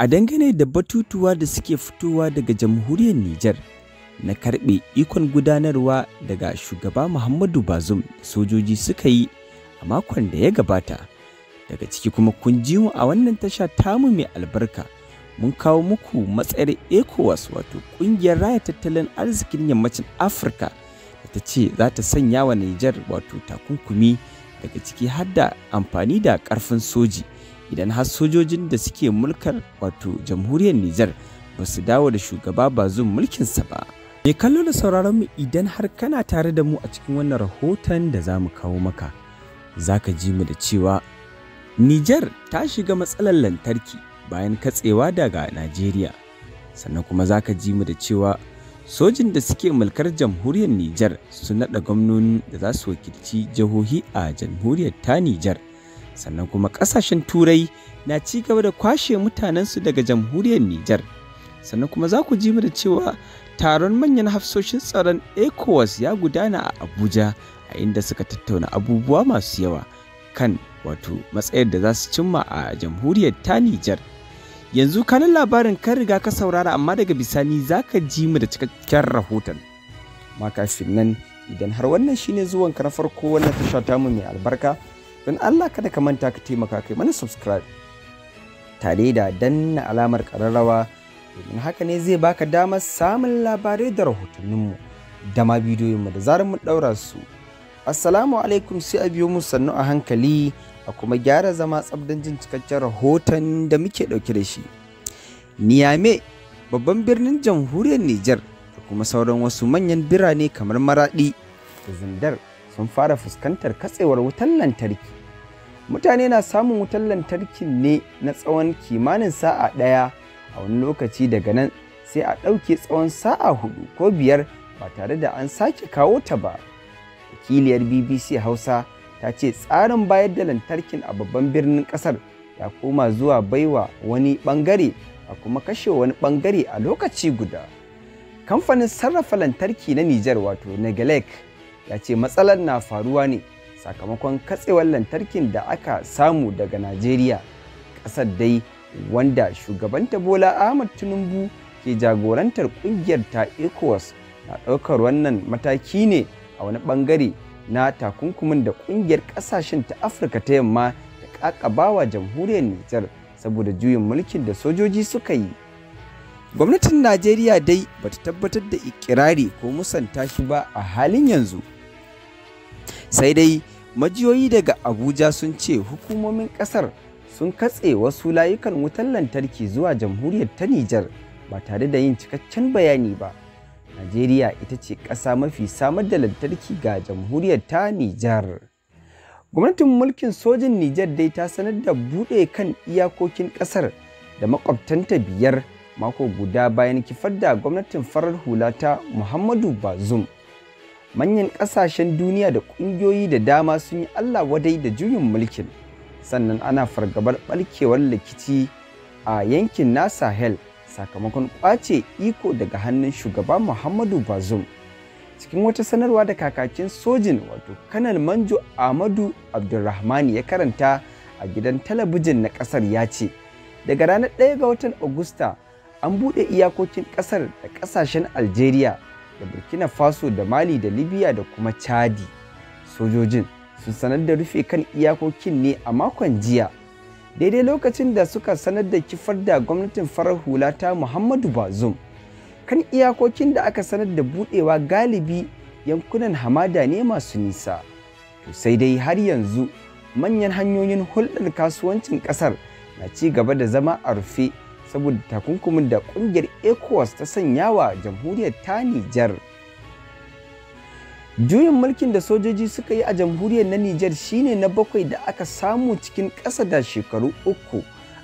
A dangane da batutuwa da suke fitowa daga jamhuriyar Nijar na karbe ikon gudanarwa daga shugaba Muhammadu Bazum da sojoji suka yi a makon da ya gabata. Daga ciki kuma kun ji mu a wannan tasha tamu mai albarka mun kawo muku matsayar ECOWAS wato ƙungiyar raya tattalin arzikin yammacin Afirka da ta ce za ta sanya wa Nijar wato takunkumi daga ciki har da amfani da ƙarfin soji. idan har sojojin da suke mulkar wato jamhuriyar Nijar ba su dawo da shugaba ba mulkin mulkinsa ba. Me kallo da sauraron mu idan har kana tare da mu a cikin wannan rahoton da za mu kawo maka, za ka ji mu da cewa Nijar ta shiga matsalar lantarki bayan katsewa daga Najeriya. Sannan kuma za ka ji mu da cewa sojin da suke mulkar jamhuriyar Nijar sun naɗa gwamnoni da za su wakilci jihohi a jamhuriyar ta Nijar. sannan kuma ƙasashen turai na ci gaba da kwashe mutanensu daga jamhuriyar Nijar. Sannan kuma za ku ji mu da cewa taron manyan hafsoshin tsaron ECOWAS ya gudana a Abuja a inda suka tattauna abubuwa masu yawa kan wato matsayar da za su cimma a jamhuriyar ta Nijar. Yanzu kanan labarin kan riga ka saurara amma daga bisani za ka ji mu da cikakken rahoton. Makafin nan idan har wannan shine zuwanka na farko wannan tasha tamu mai albarka don Allah kada ka manta ka taimaka kai mana subscribe tare da danna alamar ƙararrawa domin haka ne zai baka damar samun labarai da rahotanninmu da ma bidiyoyinmu da zarar mun ɗaura su assalamu alaikum sai a biyo mu sannu a hankali a kuma gyara zama tsabdan jin cikakken rahoton da muke ɗauke da shi niyame babban birnin jamhuriyar niger da kuma sauran wasu manyan birane kamar maraɗi da zindar sun fara fuskantar katsewar wutan lantarki mutane na samun wutar lantarkin ne na tsawon kimanin sa'a ɗaya a wani lokaci daga nan sai a ɗauke tsawon sa'a hudu ko biyar ba tare da an sake kawo ta ba wakiliyar bbc hausa ta ce tsarin bayar da lantarkin a babban birnin ƙasar ya koma zuwa baiwa wani ɓangare a kuma kashe wani ɓangare a lokaci guda kamfanin sarrafa lantarki na nijar wato negelec ya ce matsalar na faruwa ne sakamakon katsewar lantarkin da aka samu daga najeriya ƙasar dai wanda shugabanta bola ahmad tinubu ke jagorantar ƙungiyar ta ecowas na ɗaukar wannan mataki ne a wani ɓangare na takunkumin da ƙungiyar ƙasashen ta afirka ta yamma da ƙaƙabawa jamhuriyar nijar saboda juyin mulkin da sojoji suka yi gwamnatin najeriya dai bata tabbatar da ikirari ko musanta shi ba a halin yanzu sai dai majiyoyi daga abuja sun ce hukumomin kasar sun katse wasu layukan wutan lantarki zuwa jamhuriyar ta nijar ba tare da yin cikakken bayani ba najeriya ita ce ƙasa mafi samar da lantarki ga jamhuriyar ta nijar gwamnatin mulkin sojin nijar dai ta sanar da buɗe kan iyakokin ƙasar da makwabtanta biyar mako guda bayan kifar da gwamnatin farar hula ta muhammadu bazum manyan ƙasashen duniya da ƙungiyoyi da dama sun yi Allah wadai da juyin mulkin sannan ana fargabar ɓalkewar likici a yankin na Sahel sakamakon ƙwace iko daga hannun shugaba Muhammadu Bazoum. Cikin wata sanarwa da kakakin sojin wato Kanal Manjo Ahmadu Abdulrahman ya karanta a gidan talabijin na ƙasar ya ce, daga ranar 1 ga watan Agusta an buɗe iyakokin ƙasar da ƙasashen Algeria da burkina faso da mali da libya da kuma chadi sojojin sun sanar da rufe kan iyakokin ne a makon jiya daidai lokacin da suka sanar da kifar da gwamnatin farar hula ta muhammadu bazum kan iyakokin da aka sanar da budewa galibi yankunan hamada ne masu nisa to sai dai har yanzu manyan hanyoyin hulɗar kasuwancin ƙasar na ci gaba da zama a rufe saboda takunkumin da kungiyar ecowas ta sanya wa jamhuriyar ta nijar juyin mulkin da sojoji suka yi a jamhuriyar na nijar shine na bakwai da aka samu cikin ƙasa da shekaru uku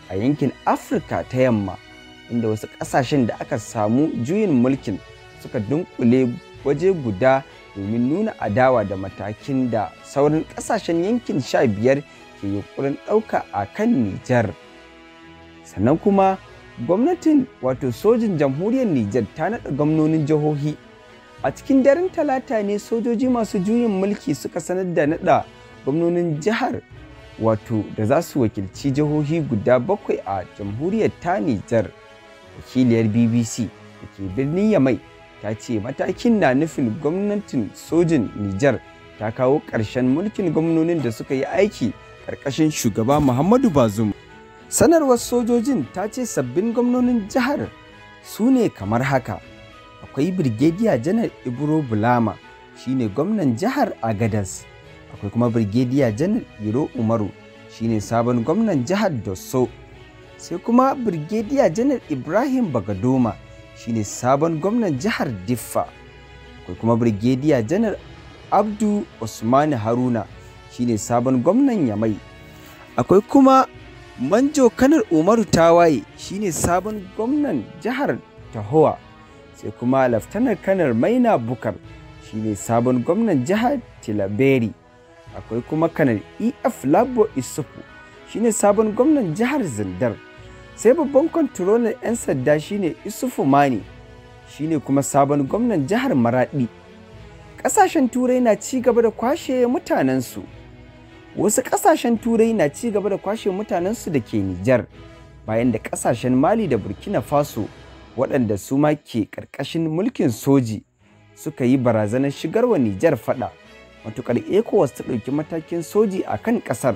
a yankin afirka ta yamma inda wasu ƙasashen da aka samu juyin mulkin suka dunkule waje guda domin nuna adawa da matakin da sauran ƙasashen yankin sha biyar ke yi ɗauka a kan nijar sannan kuma gwamnatin wato sojin jamhuriyar Nijar ta naɗa gwamnonin jihohi a cikin daren talata ne sojoji masu juyin mulki suka sanar da naɗa gwamnonin jihar wato da za su wakilci jihohi guda bakwai a jamhuriyar ta Nijar wakiliyar BBC da ke birnin Yamai ta ce matakin na nufin gwamnatin sojin Nijar ta kawo ƙarshen mulkin gwamnonin da suka yi aiki ƙarƙashin shugaba Muhammadu Bazum. sanarwar sojojin ta ce sabbin gwamnonin jihar su ne kamar haka akwai birgediya janar ibro bulama shine gwamnan jihar agadas akwai kuma birgediya janar iro umaru shine sabon gwamnan jihar dosso sai kuma birgediya janar ibrahim bagadoma shine sabon gwamnan jihar diffa akwai kuma birgediya janar abdu usmani haruna shine sabon gwamnan yamai akwai kuma manjo kanar umaru tawaye shine sabon gwamnan jihar tahowa sai kuma laftanar kanar maina bukar shine sabon gwamnan jihar tilaberi akwai kuma kanar ef labo isufu shine sabon gwamnan jihar zindar sai babban kwantarolar 'yan sadda shine isufu mani shine kuma sabon gwamnan jihar maradi ƙasashen turai na ci gaba da kwashe mutanensu wasu kasashen turai na ci gaba da kwashe mutanensu da ke Nijar bayan da kasashen Mali da Burkina Faso waɗanda su ma ke ƙarƙashin mulkin soji suka yi barazanar shigarwa Nijar fada matuƙar ECOWAS ta ɗauki matakin soji a kan ƙasar.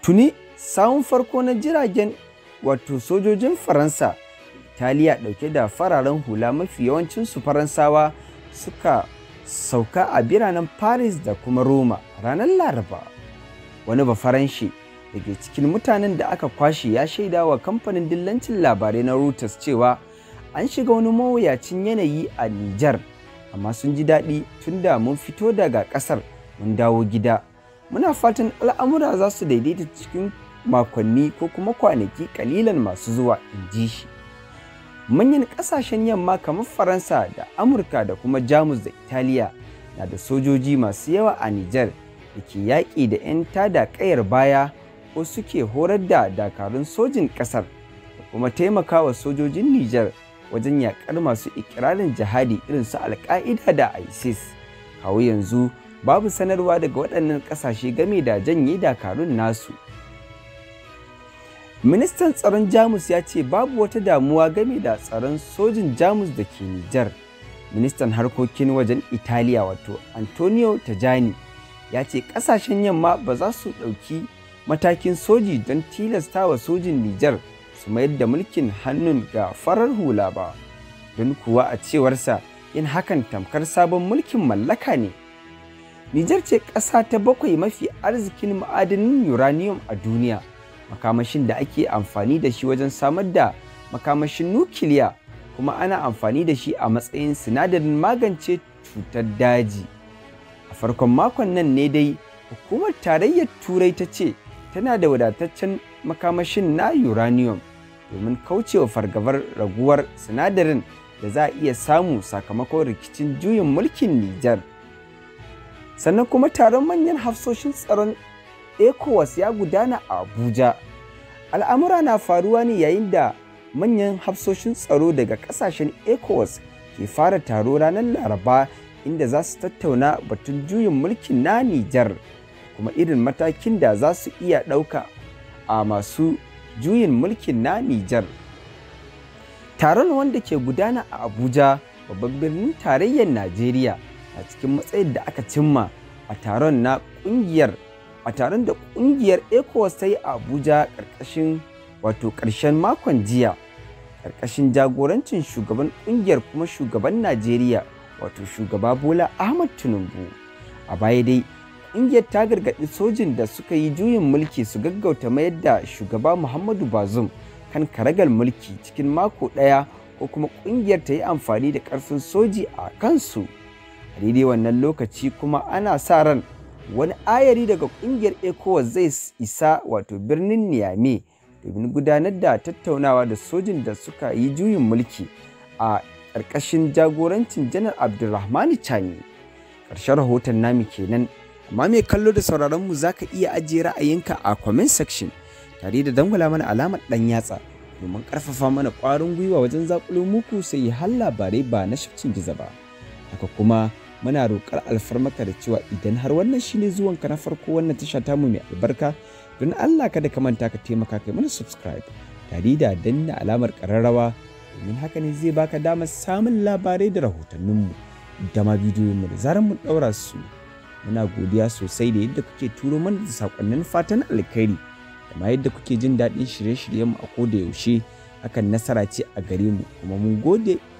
Tuni sawun farko na jiragen wato sojojin Faransa, Italiya ɗauke da fararen hula mafi yawancinsu Faransawa suka sauka a biranen Paris da kuma Roma. ranar laraba wani bafaranshi da ke cikin mutanen da aka kwashe ya shaida wa kamfanin dillancin labarai na reuters cewa an shiga wani mawuyacin yanayi a nijar amma sun ji daɗi tun da mun fito daga ƙasar mun dawo gida muna fatan al'amura za su daidaita cikin makonni ko kuma kwanaki kalilan masu zuwa in ji shi manyan ƙasashen yamma kamar faransa da amurka da kuma jamus da italiya na da sojoji masu yawa a nijar da ke yaƙi da 'yan tada ƙayar baya ko suke horar da dakarun sojin ƙasar da kuma taimakawa sojojin Nijar wajen yaƙar masu ikirarin jihadi irin su alƙa'ida da ISIS. Kawo yanzu babu sanarwa daga waɗannan ƙasashe game da janye dakarun nasu. Ministan tsaron Jamus ya ce babu wata damuwa game da tsaron sojin Jamus da ke Nijar. Ministan harkokin wajen Italiya wato Antonio Tajani ya ce ƙasashen yamma ba za su ɗauki matakin soji don tilasta wa sojin Nijar su mayar da mulkin hannun ga farar hula ba, don kuwa a cewarsa yin hakan tamkar sabon mulkin mallaka ne. Nijar ce ƙasa ta bakwai mafi arzikin ma'adanin uranium a duniya, makamashin da ake amfani da shi wajen samar da makamashin nukiliya kuma ana amfani da shi a matsayin sinadarin magance cutar daji. farkon makon nan ne dai hukumar tarayyar turai ta ce tana da wadataccen makamashin na uranium domin kaucewa fargabar raguwar sinadarin da za a iya samu sakamakon rikicin juyin mulkin Nijar. Sannan kuma taron manyan hafsoshin tsaron ECOWAS ya gudana a Abuja. Al'amura na faruwa ne yayin da manyan hafsoshin tsaro daga kasashen ECOWAS ke fara taro ranar Laraba inda za su tattauna batun juyin mulkin na Nijar kuma irin matakin da za su iya ɗauka a masu juyin mulkin na Nijar. Taron wanda ke gudana a Abuja babban birnin tarayyar Najeriya a cikin matsayin da aka cimma a taron na kungiyar a taron da ƙungiyar ECOWAS ta yi a Abuja ƙarƙashin wato ƙarshen makon jiya ƙarƙashin jagorancin shugaban ƙungiyar kuma shugaban Najeriya wato shugaba bola ahmad tinubu a baya dai ƙungiyar ta gargaɗi sojin da suka yi juyin mulki su gaggauta mayar da shugaba muhammadu bazum kan karagar mulki cikin mako ɗaya ko kuma ƙungiyar ta yi amfani da ƙarfin soji a kansu a daidai wannan lokaci kuma ana sa ran wani ayari daga ƙungiyar ecowas zai isa wato birnin niyame domin gudanar da tattaunawa da sojin da suka yi juyin mulki a ƙarƙashin jagorancin janar abdulrahmani chani ƙarshen rahoton nami kenan amma mai kallo da sauraronmu za ka iya ajiye ra'ayinka a comment section tare da dangwala mana alamar ɗan yatsa domin ƙarfafa mana ƙwarin gwiwa wajen zaƙulo muku sai har labarai ba na shafcin giza ba haka kuma muna roƙar alfarmaka da cewa idan har wannan shine zuwanka na farko wannan tasha tamu mai albarka don Allah kada ka manta ka taimaka kai mana subscribe tare da danna alamar ƙararrawa domin haka ne zai baka damar samun labarai da rahotanninmu da ma mu da zarar mun ɗaura su muna godiya sosai da yadda kuke turo mana da sakonnin fatan alkhairi da ma yadda kuke jin daɗin shirye-shiryenmu a ko da yaushe hakan nasara ce a gare mu kuma mun gode